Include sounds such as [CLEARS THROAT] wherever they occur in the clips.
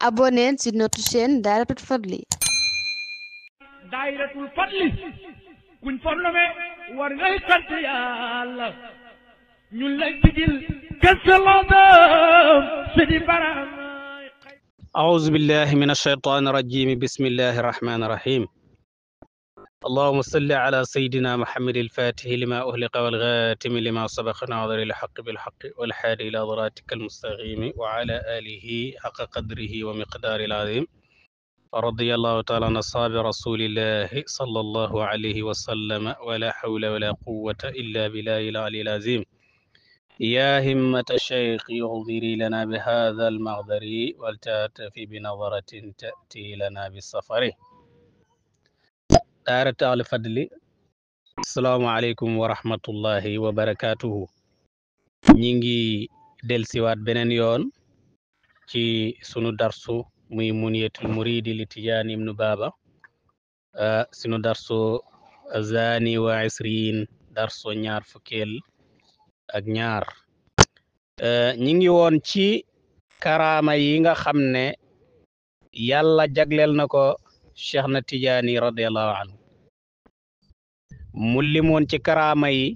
abonnez sur notre chaîne Dahiratoul Fadly Dahiratoul Fadly kuñ fornome war ngay sant yàlla ñun lay tigil kësalaadam sidi baram أعوذ بالله من الشيطان الرجيم بسم الله الرحمن الرحيم اللهم صل على سيدنا محمد الفاتح لما أهلق والغاتم لما سبق ناظر الحق بالحق والحاد إلى ضراتك المستقيم وعلى آله حق قدره ومقدار العظيم رضي الله تعالى عن أصحاب رسول الله صلى الله عليه وسلم ولا حول ولا قوة إلا بالله العلي العظيم يا همة الشيخ يغضري لنا بهذا المغدر ولتأتفي بنظرة تأتي لنا بالسفر daaratu al fadli asalaamaaleykum wa rahmatullahi wa barakaatuhu ñi ngi delsiwaat beneen yoon ci sunu darsu muy muniyatul muridi li tijaani ibnu baaba sunu darsu zani wa isriin darsu ñaar fukkeel ak ñaar ñi ngi ci karaama yi nga xam ne yàlla jagleel na ko cheikh na tijaani radiallahu anhu mu limoon ci karaama yi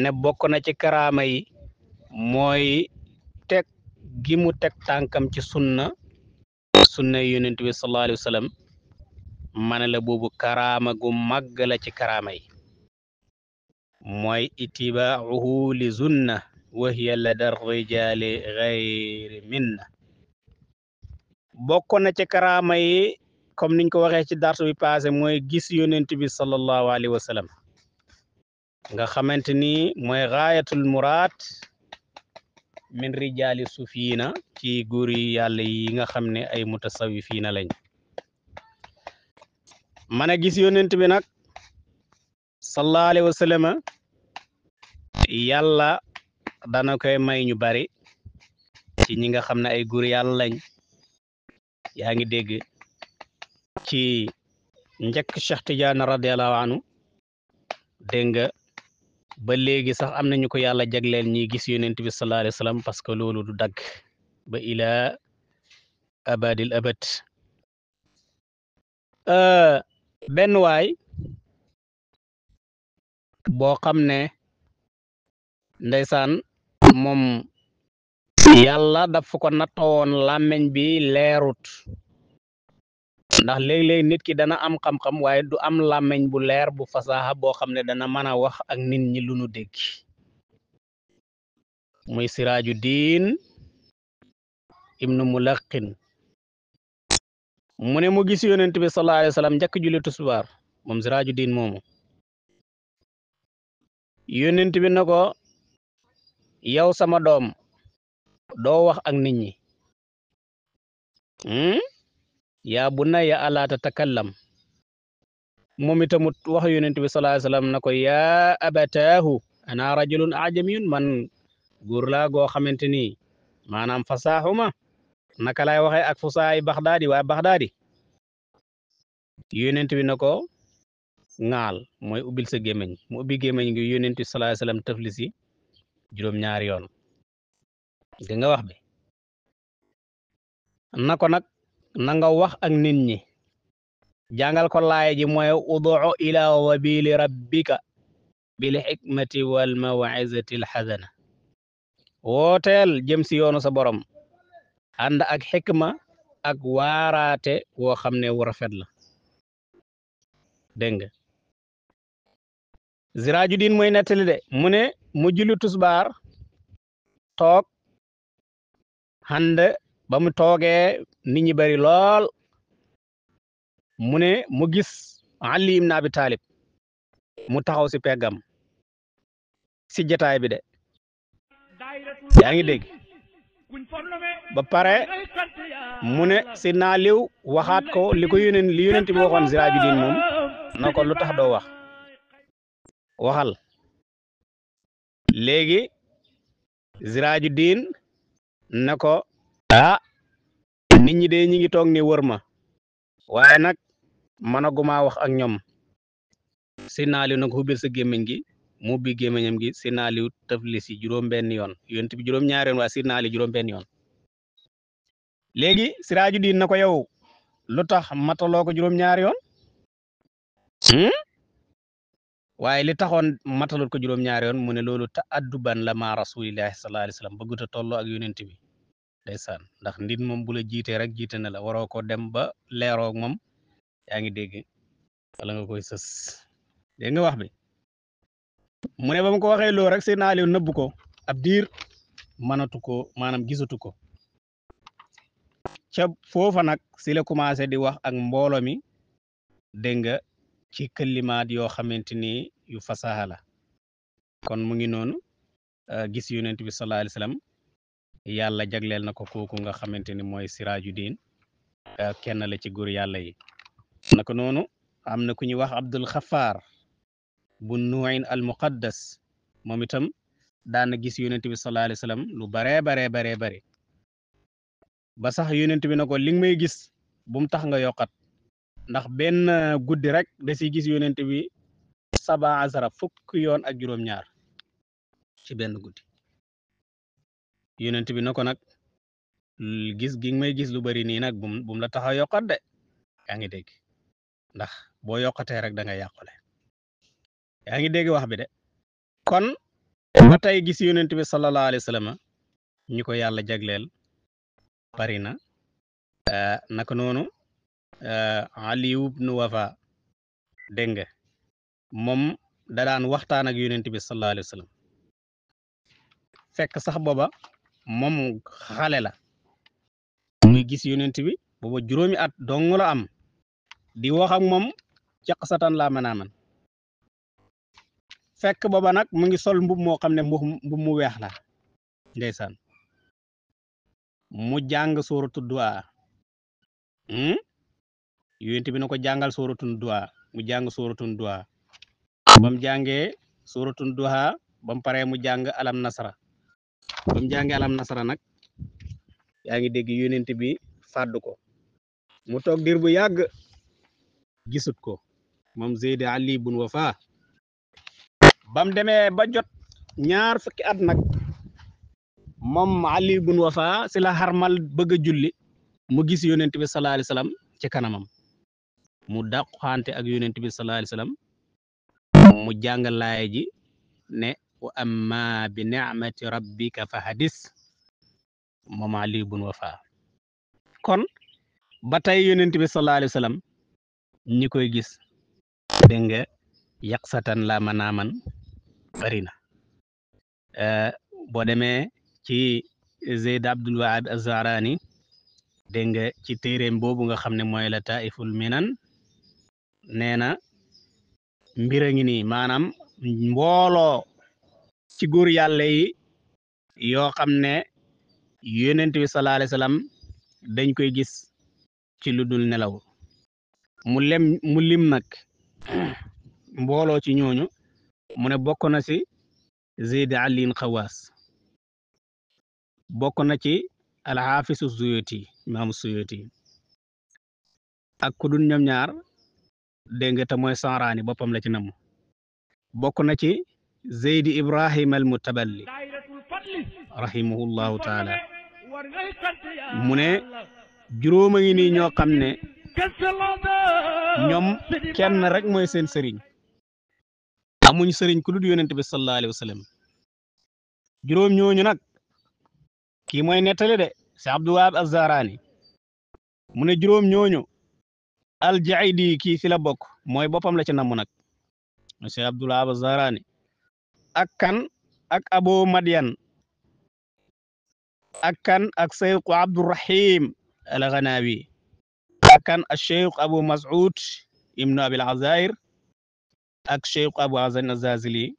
ne bokk na ci karaama yi mooy teg gi mu teg tànkam ci sunna sunna yonent bi sallallahu alayhi mane la boobu karaama gu màgg la ci karaama yi mooy itibaahu li sunna wa hiya lada rijaali gayri minna bokkoon na ci karaama yi comme niñ ko waxee ci dartu bi passé mooy gis yonent bi sallallahu alayhi wa nga xamante ni mooy gaayatul muraad min rijaali sufiina ci góor yi yàlla yi nga xam ne ay mutasawifiina lañ man a gis yonent bi nag sallallahu alayhi wa sallam yàlla dana may ñu bari ci ñi nga xam ne ay góor yàlla lañ yaa ngi dégg ci njëkk Cheikh Tidiane radiallahu anhu dégg nga ba léegi sax am nañu ko yàlla jagleel ñi gis yonent bi sallallahu alayhi wa parce que loolu du dagg ba ilaa abadil abad benn waay boo xam ne ndeysaan yàlla dafa ko nattoon làmmiñ bi leerut ndax léeg-léeg nit ki dana am xam-xam waaye du am làmmiñ bu leer bu fasaaxa boo xam ne dana mën a wax ak nit ñi lu nu dégg muy siraaju diin ibnu mulaqin mu ne mu gis yonent bi sallallahu alayhi wa sallam njëkk julli siraaju diin moomu yonent bi na ko yow sama doom doo wax ak nit ñi hmm? yaa bu nay ya alaa tatakallam moom itamut wax yonent bi sallallahu na ko yaa abataahu ana rajulun ajamiyun man góor laa goo xamante ni maanaam fasaaxuma naka laay waxee ak fusaay baxdaadi waa baxdaadi yonent bi na ko ŋaal mooy ubbil sa gémmiñ mu ubbi gémmiñ gi yonent bi sallallahu alayhi wasallam yoon di nga wax bi na ko nag wax ak nit ñi jàngal ko laaya ji mooy udoo ila sabili rabbika bil xikmati wal mawizati al xasana wooteel jëm si yoonu sa borom ànd ak xikma ak waaraate woo xam ne wu rafet la dégg nga Siraaju Diin mooy de mu ne tusbaar toog hande ba mu toogee ni ñi bari lool mu ne mu gis Ali ibn Abi Talib mu taxaw si peegam si jataay bi de yaa ngi dégg ba pare mu ne si naa liw waxaat ko li ko yóneen li yónent bi waxoon Sirajuddin moom na ko lu tax doo wax waxal léegi Sirajuddin na ko ah nit ñi de ñi ngi toog ni wër ma waaye nag mënaguma wax ak ñoom Seydina Aliou nag xubbil sa gémmiñ gi mubi ubbi gi Seydina Aliou tëfli si juróom-benn yoon yonent bi juróom-ñaari yoon waaye Seydina Aliou juróom-benn yoon léegi siraaju diin na ko yow lu tax mataloo ko juróom-ñaari yoon hmm? waaye li taxoon matalul ko juróom-ñaari yoon mu ne loolu ta adduban la ma rasulillahi sallallahu alayhi wasallam bëggut a tolloo ak yonent bi ndeysaan ndax nit moom bu la jiitee rek jiite na la waroo ko dem ba leeroog moom yaa ngi dégg wala nga koy sës dégg nga wax bi mu ne ba mu ko waxee loo rek Seydina Aliou nëbbu ko ab diir mënatu ko maanaam gisatu ko ca foofa nag si la commencé di wax ak mbooloo mi dégg nga ci këllimaat yoo xamante ni yu fasaha la kon mu ngi noonu ah, gis yonent bi sallallahu alayhi wasallam yàlla jagleel na ko kooku nga xamante ni mooy siraaju diin eh, kenn la ci góor yàlla yi naka noonu am na ku ñuy wax abdul xafaar bu nuuyin al muqaddas moom itam daan gis yonent bi sallallahu alayhi wasallam lu baree baree baree bare ba sax yonent bi na ko li nga may gis bu tax nga yokkat ndax benn guddi rek da siy gis yonent bi saba asara fukk yoon ak juróom-ñaar ci benn guddi yonent bi na ko nag gis gi may gis lu bari nii nag bum bum la taxa a de yaa ngi dégg ndax boo yokkatee rek da nga yàqule yaa ngi dégg wax bi de kon ba tey gis yonent bi sallallahu alayhi wa sallam ñu ko yàlla jagleel bari na eh, naka noonu eh, Aliyu ibnu Wafa dégg nga moom da daan waxtaan ak yonent bi sallallahu alayhi wa sallam sax booba mom xale la muy gis yonent bi booba juróomi at dong am di wax ak moom caqsatan laa mën a man fekk booba nag mu ngi sol mbub moo xam ne mbub mu weex la ndeysaan mu jàng sóoratu duwaa hmm? yonent bi na ko jàngal sóoratu duwaa mu jàng sóoratu duwaa bam jàngee sóoratu duwaa bam paree mu jàng alam nasara ba mu alam nasara nag yaa ngi dégg bi fàddu ko mu toog diir bu yàgg gisut ko moom Zeydi Ali bun Wafa bam demee ba jot ñaar fukki at nag moom Ali bun Wafa si la xarmal bëgg julli mu gis yonent bi sallallahu alayhi wasallam ci kanamam mu dàqu xante ak yonent bi sallallahu alayhi wasallam mu jàngal laay ji ne wa amma bi ni'mati rabbika fa hadis moom ali bun wafa kon ba tey yonent bi sallallahu alayhi wa koy gis dégg nga yaqsatan la man bari na eh, boo demee ci zeyd abdul azarani dégg nga ci téeréem boobu nga xam ne mooy la taiful minan nee na mbir a ngi ci góor yàlla yoo xam ne yonent bi sallallahu alayhi dañ koy gis ci ludul nelaw mu lem mu lim nag [CLEARS THROAT] mbooloo ci ñooñu mu ne bokk na ci Zayd Aliin xawas bokk na ci alxaafisu Suyuti imaamu Suyuti ak ku dul ñoom ñaar dégg nga te mooy Saraani boppam la ci namu ci zeydi ibrahima almutaballi rahimahullahu taala mu ne juróoma ngi nii ñoo xam ne ñoom kenn rek mooy seen sëriñ amuñ sëriñ ku dul yonent bi sallallahu alayhi wa ñooñu nag kii mooy nettali de si abdul wahab azzaraani ñooñu aljaidi kii fi la bokk mooy boppam la ci namm nag monsieur ak kan ak abo madian ak kan ak seyku abdurahim alxanaawi ak kan ak cheikh abu mas'ud ibnu abil azair ak cheikh abu azan azazili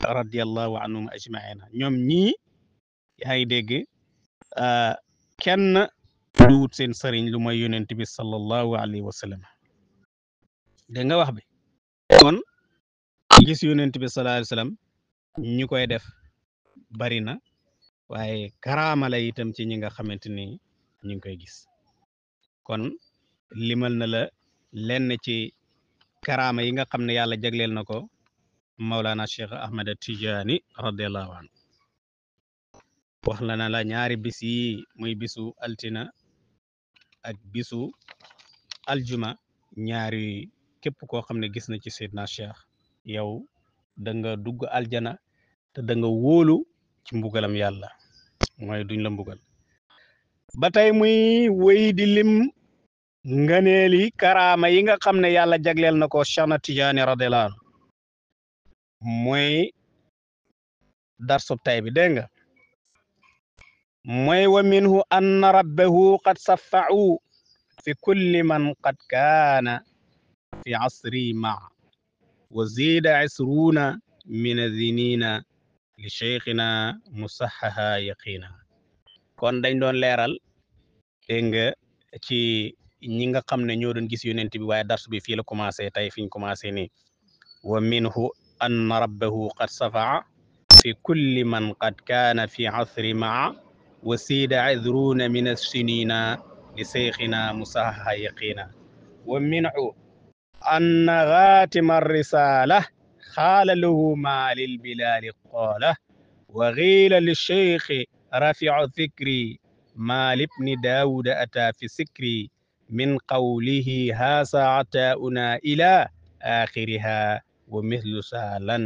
radiallahu anhum ajmain ñoom ñii yaa ngi dégg ah, kenn du wut seen sëriñ lu mooy yonent bi sallallahu alayhi wa sallam dégg nga wax bi kon gis yonent bi sallallahu alayhi wa ñi koy def bari na waaye karaama la ci ñi nga xamante ni ñu ngi koy gis kon limal na la lenn ci karama yi nga xam ne yàlla jagleel na ko Maulana Cheikh Ahmed Tidiane radiallahu anhu wax na la ñaari bis yi muy bisu altina ak bisu aljuma ñaari képp koo xam ne gis na ci Seydina Cheikh yow da nga dugg aljana te da nga ci mbugalam yàlla mooy duñ la mbugal ba tey muy lim nganeel yi karaama yi nga xam ne yàlla jagleel na ko Cheikh na Tijaani radiyallaahu anhu tay bi dégg nga mooy wa minhu anna rabbahu qad saffa'u fi kulli man qad kaana fi asri ma wa ziida isruuna min azinina li cheikhina musaxaha yaqina kon dañ doon leeral dégg nga ci ñi nga xam ne ñoo doon gis yonent bi waaye darsu bi fii la commencé tey fi ñu commencé nii wa minhu an rabbahu qad safaa fi kulli man qad kaana fi asri maa wa siida azruuna min assinina li seyxina musaxaha yaqina wa minhu anna xaatima risala xaala lahu ma lil bilaali qoola wa xiila li cheikhi rafiu fikri ma libni daawuda ata fi sikri min qawlihi haa saatauna ila axiriha wa mislu saalan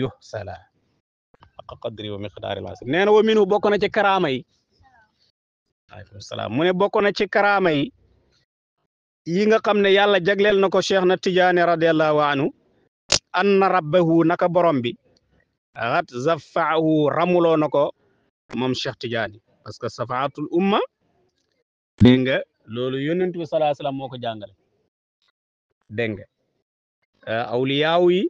yuhsala aqa qadri wa miqdaari lasim nee na wa minhu bokk na ci karaama yi aleykum salaam mu ne bokk na ci karaama yi yi nga xam ne yàlla jagleel na ko cheikh na tijaani radiallahu anhu anna rabbahu naka borom bi xat zafaahu ramuloo na ko moom Cheikh Tidiane parce que safaatul umma dégg nga loolu yonent bi salaa salaam moo ko jàngale dégg nga euh, awliyaaw yi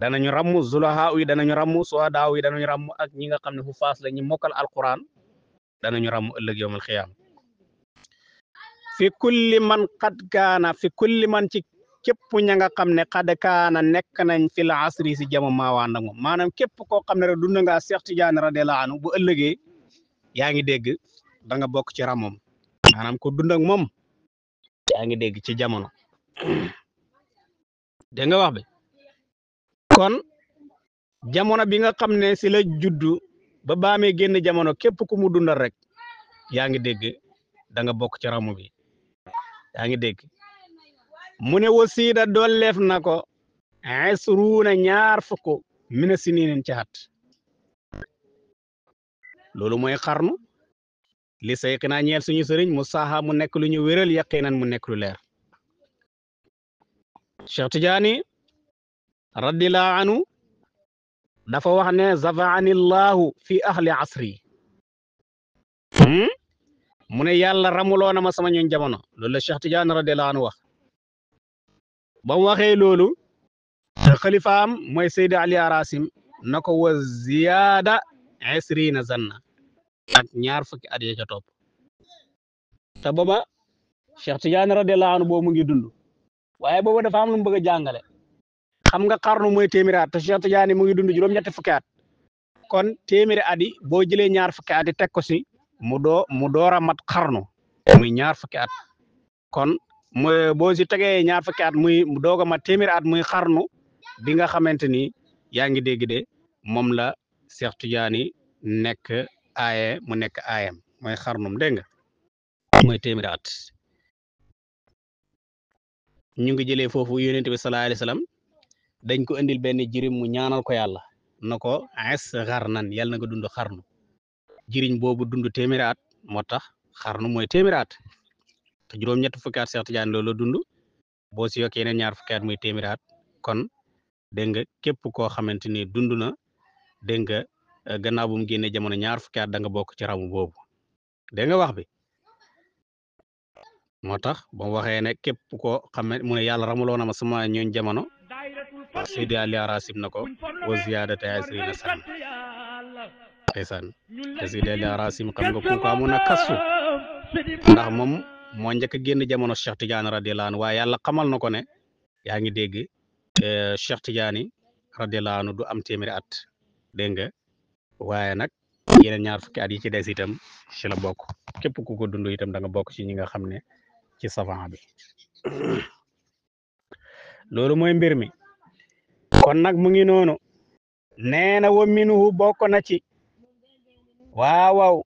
danañu ràmm zulahaaw yi danañu ràmm suhadaaw yi danañu ràmm ak ñi nga xam ne fu faas la ñu mokkal alquran danañu ràmm ëllëg yowmal xiyaam fi kulli man qad kaana fi kulli man képp ña nga xam ne xad kaana nekk nañ fi la asri si jamo maawaand ak moom maanaam képp koo xam ne rek dund ngaa Seex Tijaan radiyallaahu anhu bu ëllëgee yaa ngi dégg danga bokk ci ramom maanaam ko dund ak moom yaa ngi dégg ci jamono dégg nga wax bi kon jamono bi nga xam ne sila judd ba baamee génn jamono képp ku mu dundal rek yaa ngi dégg danga bokk ci ramu bi yaa ngi dégg mu ne wasiida dolleef na ko isruuna ñaar fukk mina sininin ci at loolu mooy xarnu li sayqinaa ñeel suñu sëriñ mu saaxa mu nekk lu ñu wéral yaqinan mu nekk lu leer Cheikh Tidiane radiyallahu anhu dafa wax ne zafaani llahu fi ahli asri hmm? mu ne yàlla ramuloona ma sama ñun jamono loolu la Cheikh Tidiane radiyallahu anhu wax ba waxe waxee loolu te xalifaam mooy Seydi Ali Arasim na ko wa ziyaada isriina zanna ak ñaar fukki at ya ca topp te booba Cheikh Tidiane radiyallahu anhu boobu mu ngi dund waaye booba dafa am lu bëgg a jàngale xam nga xarnu mooy téeméeri at te Cheikh Tidiane mu ngi dund juróom-ñetti fukki at kon téeméeri at yi boo jëlee ñaar fukki at yi teg ko si mu doo door a mat xarnu muy ñaar fukki at kon boo si tegee ñaar fukki at muy doog a ma téeméer muy xarnu bi nga xamante ni yaa ngi dégg de moom la Cheikh Tidiane nekk aaye mu nekk aayam e mooy xarnum dégg nga mooy téeméer ñu ngi jëlee foofu yonent bi sallallahu alayhi dañ ko indil benn jirim mu ñaanal ko yàlla na ko es xarnan yàlla na nga dund xarnu jiriñ boobu dund téeméer at moo tax xarnu mooy téeméer at te juróom ñet fukki at Cheikh Tidiane boo si yokkee yeneen ñaar fukki at muy téeméeri kon dégg nga képp koo xamante ni dund na dégg nga eh, gannaaw bu mu génnee jamono ñaar fukki at da nga bokk ci ramu boobu nga wax bi moo tax ba mu waxee ne képp koo xamant mu yàlla ramuloo na ma sama ñooñ jamono Seydi Ali Arasib na ko wa ziyaadata asriina sana ndeysaan te Seydi Ali nga kooku amoon na kasu ndax moom moo njëkk a génn jamono Cheikh Tidiane radiyallahu anhu waaye yàlla xamal na ko ne yaa ngi dégg Cheikh Tidiane du am téeméeri at dégg nga waaye nag yeneen ñaar fukki at yi ci des itam ci la bokk képp ko dund itam da nga bokk ci ñi nga xam ne ci savant bi loolu mooy mbir mi kon nag mu ngi noonu nee na na ci waaw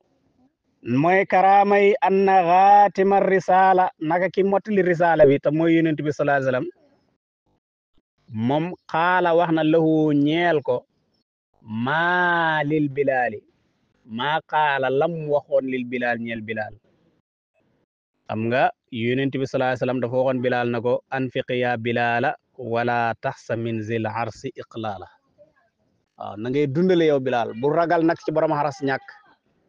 mooy karaama yi anna xaatima risala naka ki mottali risala bi te mooy yonent bi sallallahu moom xaala wax na lahu ñeel ko maa lil bilaali maa xaala lam waxoon lil bilal ñeel bilaal xam nga yonent bi dafa waxoon bilaal na ko anfiqi yaa bilaala wala taxsa min arsi iqlaala waaw dundale yow bilaal bu ragal nag ci borom xaras ñàkk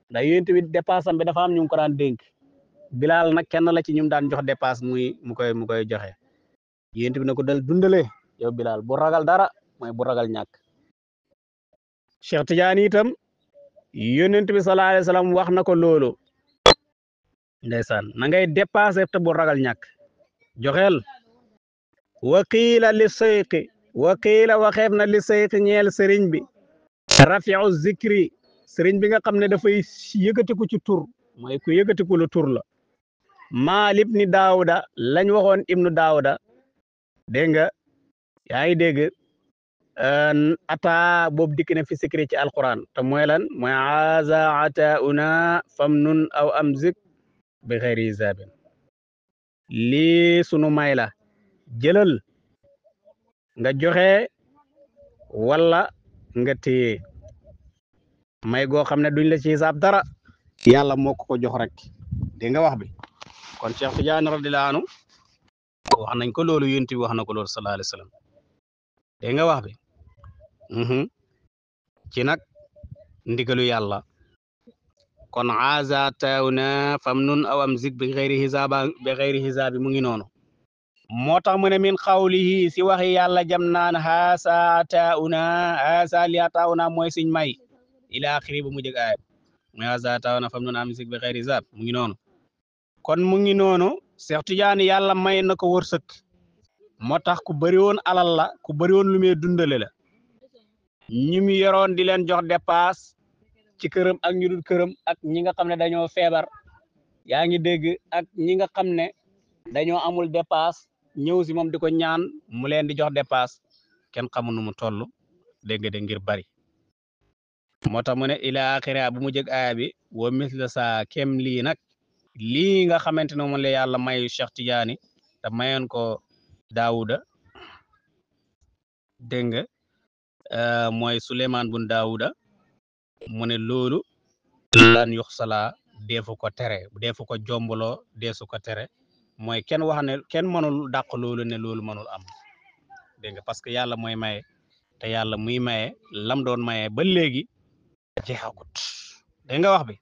ndax yooyu tamit dépasse am bi dafa am ñu ngi ko daan dénk bilaal na kenn la ci ñum daan jox dépasse muy mu koy mu koy joxe yéen bi na ko dal dundale yow bilaal bu ragal dara mooy bu ragal ñàkk Cheikh Tidiane itam yónent bi sallallahu alayhi wax na ko loolu ndeysaan na ngay dépassé te bu ragal ñàkk joxeel waqiila li seyqi waqiila waxeef na li seyqi ñeel sëriñ bi rafiu zikri sëriñ bi nga xam ne dafay yëkkatiku ci tur mooy ku yëkkatiku lu tur la maalib ni daawuda lañ waxoon ibnu daawuda dégg nga yaa ngi dégg ataa boobu dikk na fi sikri ci alquran te mooy lan mooy aaza ataauna famnun aw amzik bi xeyri hisabin lii sunu may la jëlal nga joxe walla nga téye may goo xam ne duñ la ci hisaab dara yàlla moo ko jox rek di nga wax bi kon Cheikh Tidiane radiyallahu anhu wax nañ ko loolu yonent ti wax na ko loolu sallallahu alayhi wa nga wax bi mhm. ci nag ndigalu yàlla kon aaza taaw na fam nun aw am zig bi xëyri xisaaba mu ngi noonu moo tax min xawlihi si waxi yàlla jam naan xaasa taaw na xaasa liya taaw na mooy siñ may ila axiri ba mu jëg aaya mu haza taw na fam noon am sik bi xëyri zaab mu ngi noonu kon mu ngi noonu Seex yàlla may na ko wërsëg moo tax ku bëri woon alal la ku bëri woon lu muy dundale la ñi mu yoroon di leen jox dépasse ci këram ak ñu dul këram ak ñi nga xam ne dañoo feebar yaa ngi dégg ak ñi nga xam ne dañoo amul dépasse ñëw si moom di ko ñaan mu leen di jox dépasse kenn xamu nu mu toll dégg de ngir bari moo tax mu ne ilaa axira bu mu jëg aaya bi wa misla saa kem lii nag lii nga xamante ne moom la yàlla may Cheikh Tidiane te mayoon ko Daawuda dégg nga euh, mooy Souleymane bun Daawuda mu ne loolu lan yux salaa deefu ko tere deefu ko jombaloo deesu ko tere mooy kenn wax ne kenn mënul dàq loolu ne loolu mënul am dégg nga parce que maye te yàlla muy maye lam maye ba léegi jeexagut dégg nga wax bi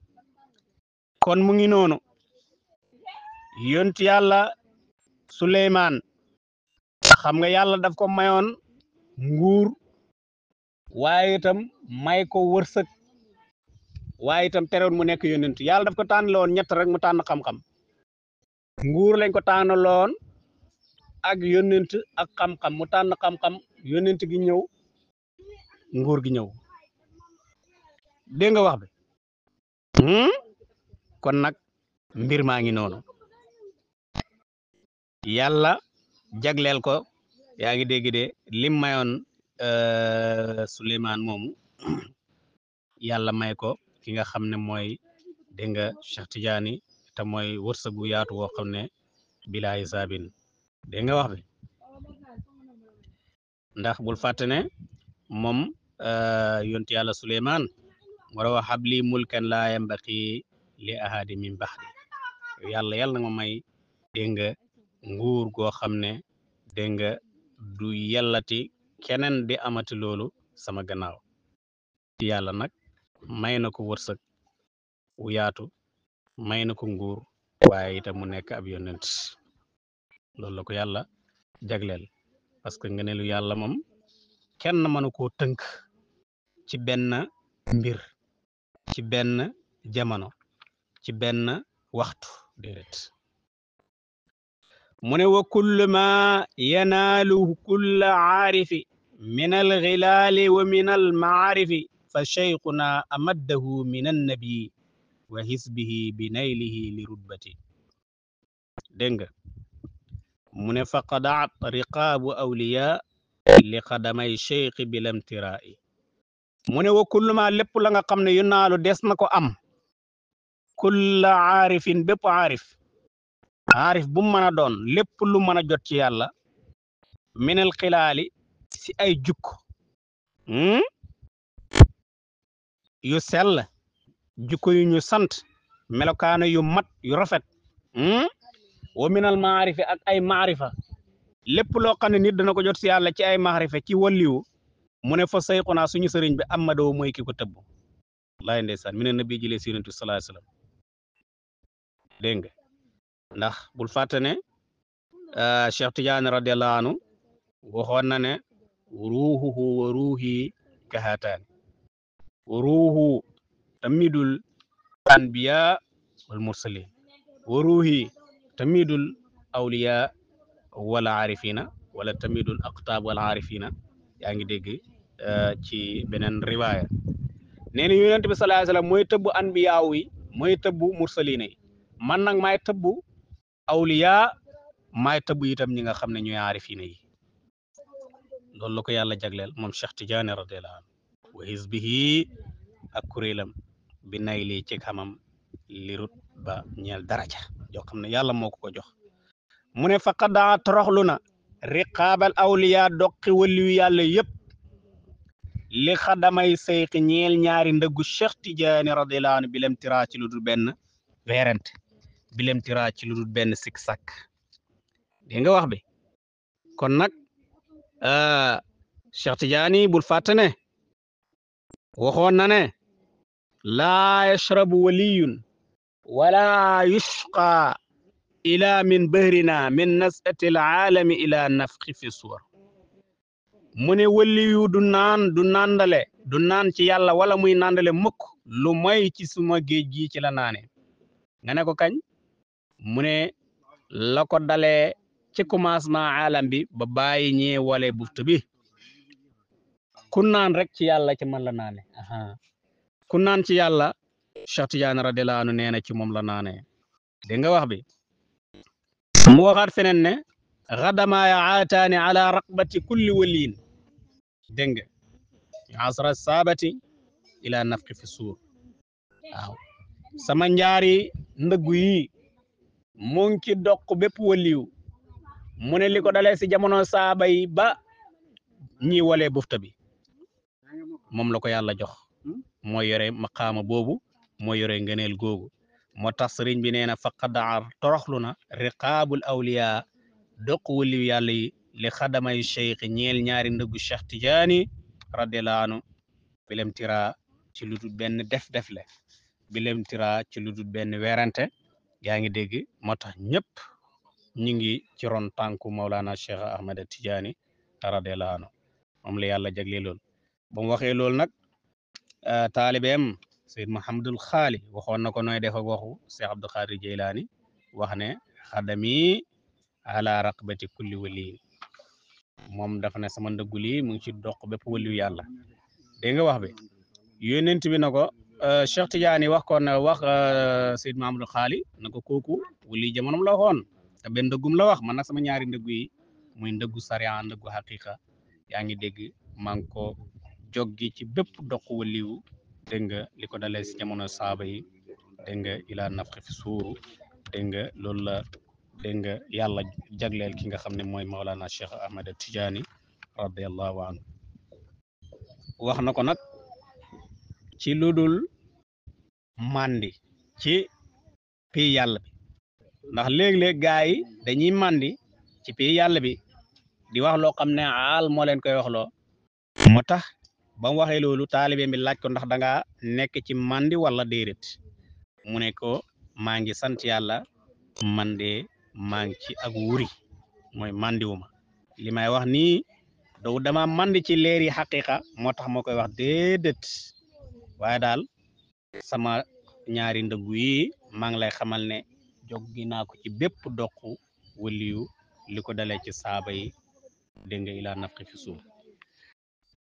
kon mu ngi noonu yontu yàlla Suleymaan xam nga yàlla daf ko mayoon nguur waaye itam may ko wërsëg waaye itam terewoon mu nekk yonent yàlla daf ko tànnaloon ñett rek mu tànn xam-xam nguur lañ ko loon ak yonent ak xam-xam mu tànn xam-xam yonent gi ñëw nguur gi ñëw dégg nga wax bi hmm? kon nag mbir maa ngi noonu yàlla jagleel ko yaa ngi dégg de lim mayoon euh, Souleymane moomu [CLEARS THROAT] yàlla may ko ki nga xam ne mooy dégg nga Cheikh Tidiane te mooy wërsëg gu yaatu woo xam ne bilaayi saabin ndax bul fàtte ne moom euh, yonti yàlla Souleymane mu raw habli mulkan laa yambaqi li ahadi min baxdi yàlla yàlla may dégg nga nguur goo xam ne dégg nga du yàllati keneen di amati loolu sama gannaaw ci yàlla nag may na ko wërsëg wu may na ko ngur waaye itam mu nekk ab yonent loolu la ko yàlla jagleel parce que ngëneelu yàlla moom kenn mënu koo tënk ci benn mbir ci benn jamono ci benn waxtu déedéet mu ne wa kullu ma yanaaluhu kulla aarifi min alxilaali wa min almaarifi fa cheykhuna amaddahu min annabi wa xisbihi bi naylihi li rutbati dégg nga mu ne fa qadaat riqaabu awliya li qadamay cheikh bi lamtiraa'i mu ne wa kullu lépp la nga xam ne yu naalu des na ko am kulla aarifin bépp arif aarif bu mu doon lépp lu mën a jot ci yàlla minel xilaali ci ay jukk hmm? yu sell jukko yu ñu sant melokaano yu mat yu rafet hmm? wa minal maarifi ak ay maarifa lépp loo xam ne nit dana ko jot ci yàlla ci ay maarifa ci walliwu mu ne fa sayxunaa suñu sëriñ bi amadoo mooy ki ko tëbb laay ndeysaan mi ne nabi jëlee si yonent bi sallallahu alayhi ndax bul fàtte ne euh, Cheikh Tidiane radiyallahu anhu waxoon na ne ruuxuhu wa ruuxi tamidul anbiya wal mursalin wa tamidul awliya wala arifina wala tamidul aqtaab wala arifina yaa gi dégg euh, ci beneen riwaaya nee na yonent bi sallallahu alayhi wasallam mooy tëbb anbiyaaw yi mooy tëbb mursaliin yi man nag maay tëbb awliyaa maay tëbb itam ñi nga xam ne ñooy aarifiina yi loolu la ko yàlla jagleel moom Cheikh Tidiane radiyallahu anhu wa hizbihi ak kuréelam bi nay lii ci xamam lirut ba ñeel daraja yoo xam ne yàlla moo ko ko jox mu ne faqa riqaabal awliya doqi waliyu yàlla yépp li xadamay seyxi ñeel ñaari ndëggu cheikh tijaani radiallahu anhu bilem tiraa ci lu dul benn weerante bilem tiraa ci lu dul benn sik sàkk dégg wax bi kon nag euh, cheikh tijaani bul fàtte ne waxoon na ne laa waliyun wala yushqa ila min naa min nasati alaalami ila nafqi fi suwar mu ne wëliyu du naan du nàndale du naan ci yàlla wala muy nàndale mukk lu may ci suma géej gi ci la naane nga ne ko kañ mu ne la ko dalee ci commencement alam bi ba bàyyi ñee wale buftu ku naan rek ci yàlla ci man la naane ku naan ci yàlla Cheikh Tidiane radiyallahu anhu nee na ci moom la naane dégg nga wax mu waxaat feneen ne xadamaaya aataani ala raqbati kulli waliin dégg nga saabati ila nafqi fi suur waaw sama njaari ndëggu yi mu ngi ci doq bépp waliw mu ne li ko jamono saaba yi ba ñi walee bufta bi moom la ko yàlla jox hmm? moo yore maqaama boobu moo yore ngëneel googu moo tax sëriñ bi nee na fa xadaar toroxlu na riqaabul awliya doq waliyu yàlla yi li xadamay cheikh ñeel ñaari ndëggu cheikh tijaani radiallahu laanu bilem tira ci lu benn def def le bilem tira ci lu benn werante yaa ngi dégg moo tax ñëpp ñu ngi ci ron tànku Cheikh Ahmed Tidiane radiallahu anhu moom la yàlla jagleeloon ba mu waxee nag euh, taalibeem Seyd Muhammadul Xaali waxoon na ko nooy def ak waxu Cheikh Abdou Khadir wax ne xadami ala raqbati kulli waliyin moom dafa sama ndëggu lii mu ngi ci dox bépp waliyu yàlla dégg nga wax bi bi na ko euh, Cheikh Tidiane wax wax euh, Seyd Muhammadul Xaali na ko kooku wali jamonom la waxoon te benn ndëggum la wax man nag sama ñaari ndëggu yi muy ndëggu sariya ndëggu xaqiqa yaa ngi dégg maa ngi ko joggi dégg nga li ko dalee si jamono saaba yi dégg nga ilaa nafxi fi suuru dégg nga loolu la nga yàlla jagleel ki nga xam ne mooy Maolana Cheikh Ahmed Tidiane radiallahu anhu wax na ko nag ci lu dul màndi ci pii yàlla bi ndax léeg-léeg gaa yi dañuy màndi ci pii yàlla bi di wax loo xam ne aal moo leen koy wax loo tax ba mu waxee loolu taalibe bi laaj ko ndax danga nekk ci mandi walla déedéet mu ne ko maa ngi sant yàlla man de maa ngi ci ak wuri mooy mandiwuma li may wax nii doo dama mandi ci leeri xaqiqa moo tax moo koy wax déedéet waaye daal sama ñaari ndëggu yi maa ngi lay xamal ne jog gi naa ko ci bépp doq waliyu li ko dalee ci saaba yi dégg nga ilaa nafqi fi suuf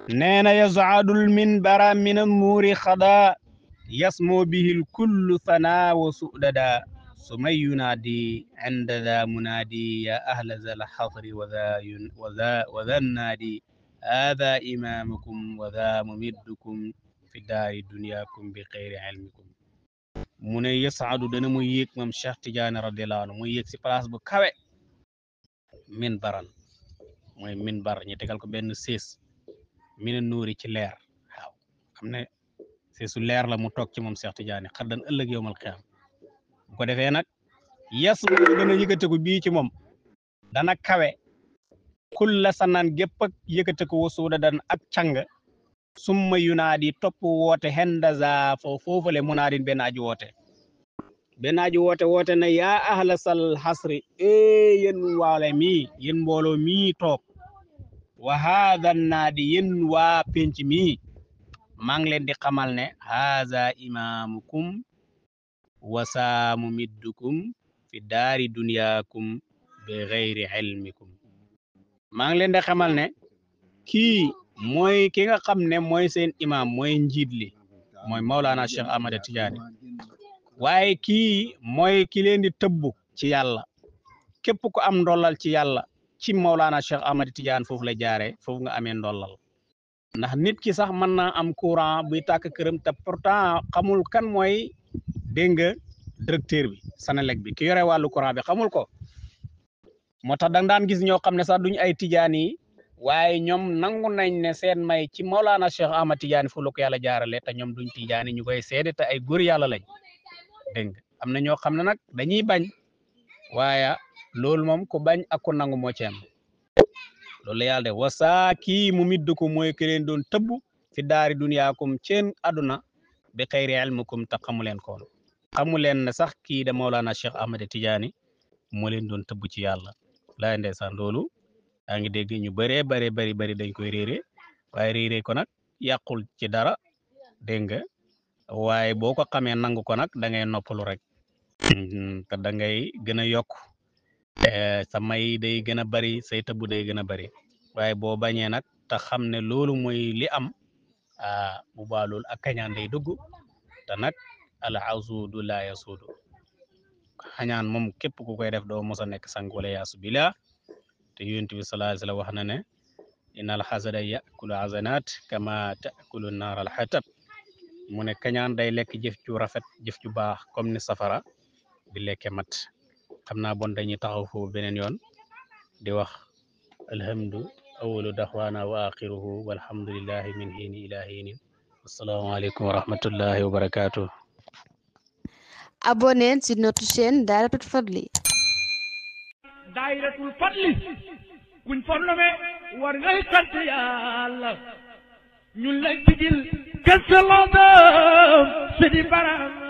nee na yasaadul minbara min almuuri xada yasmoo bihil kullu sanaa wa sudada su yunaadi inda munaadi ya ahla zal xasri wa za wa za naadi haada imaamukum wa za mumiddukum fi daari duniyaakum bi xeyri ilmikum mu yasaadu dana mu yéeg moom Cheikh Tidiane radiallahu anhu si place bu kawe minbaran mooy minbar ñu tegal ko benn mina nuuri ci leer waaw xam ne c'est su leer la mu toog ci moom Cheikh Tidiane xar dan ëllëg yowmal xiyaam bu ko defee nag yas mu dana yëkkateku bii ci moom dana kawe kulla sanaan gépp ak yëkkateku wasuuda dan ak càng summa yunaadi topp woote hendaza fo foofale munaadin benn aji woote benn aji woote woote na yaa ahla sal xasri e eh yéen waale mii yéen mbooloo mii toog wa haada naadi yéen waa penc mi maa ngi leen di xamal ne haza imaamukum wasaamu middukum fi daari duniyaakum bi xeyri ilmikum maa ngi leen di xamal ne kii mooy ki nga xam ne mooy seen imaam mooy njiit li mooy Maulana Cheikh Ahmad Tidiane waaye kii mooy ki leen di ci yàlla képp ku am ndollal ci yàlla ci Maulana Cheikh Ahmad Tidiane foofu la jaaree foofu nga amee ndollal ndax nit ki sax mën naa am courant buy tàkk këram te pourtant xamul kan mooy dégg nga directeur bi Senelec bi ki yore wàllu courant bi xamul ko moo tax da nga gis ñoo xam ne sax duñ ay tijaan yi waaye ñoom nangu nañ ne seen may ci Maulana Cheikh Ahmad Tidiane fu la ko yàlla jaarale te ñoom duñ tijaan yi ñu koy seede te ay góor yàlla lañ dégg am na ñoo xam ne nag dañuy bañ waaye loolu moom ku bañ ak nangu moo ci loolu la yàlla def wasaa kii mu midd ko mooy ki doon tëbb fi daari duniyaakum ceen aduna bi xayri ilmikum te xamu leen koon xamu leen sax kii de Mawlana Cheikh Ahmed Tidiane moo leen doon tëbb ci yàlla laay ndeysaan loolu yaa ngi dégg ñu bëree bëri bëri bëri dañ koy réere waaye réere ko nag yàqul ci dara dégg nga waaye boo ko xamee nangu ko nag dange ngay noppalu rek [LAUGHS] hmm, te da ngay gën a yokk sa may day gën a bari say tëbb day gën a bari waaye boo bañee nag te xam ne loolu mooy li am bu baa loolu ak kañaan day dugg te nag al asuudu laa yasuudu xañaan moom képp ku koy def doo mos a nekk sang wala yaasu bilaa te yonent bi sallallahu alayhi wa sallam wax na ne inna al xasada yakulu azanaat kama takulu naar al xatab mu ne kañaan day lekk jëf ju rafet jëf ju baax comme ni safara di lekke mat xam naa bon dañuy taxaw foofu beneen yoon di wax alhamdu awalu daxwaana wa axiruhu walhamdulillahi min hiini ila hiinin asalaamaaleykum wa wa barakaatu. abonnez sur notre chaîne Dahiratoul Fadly. Dahiratoul Fadly war ngay sant yàlla ñun lay digil kese loo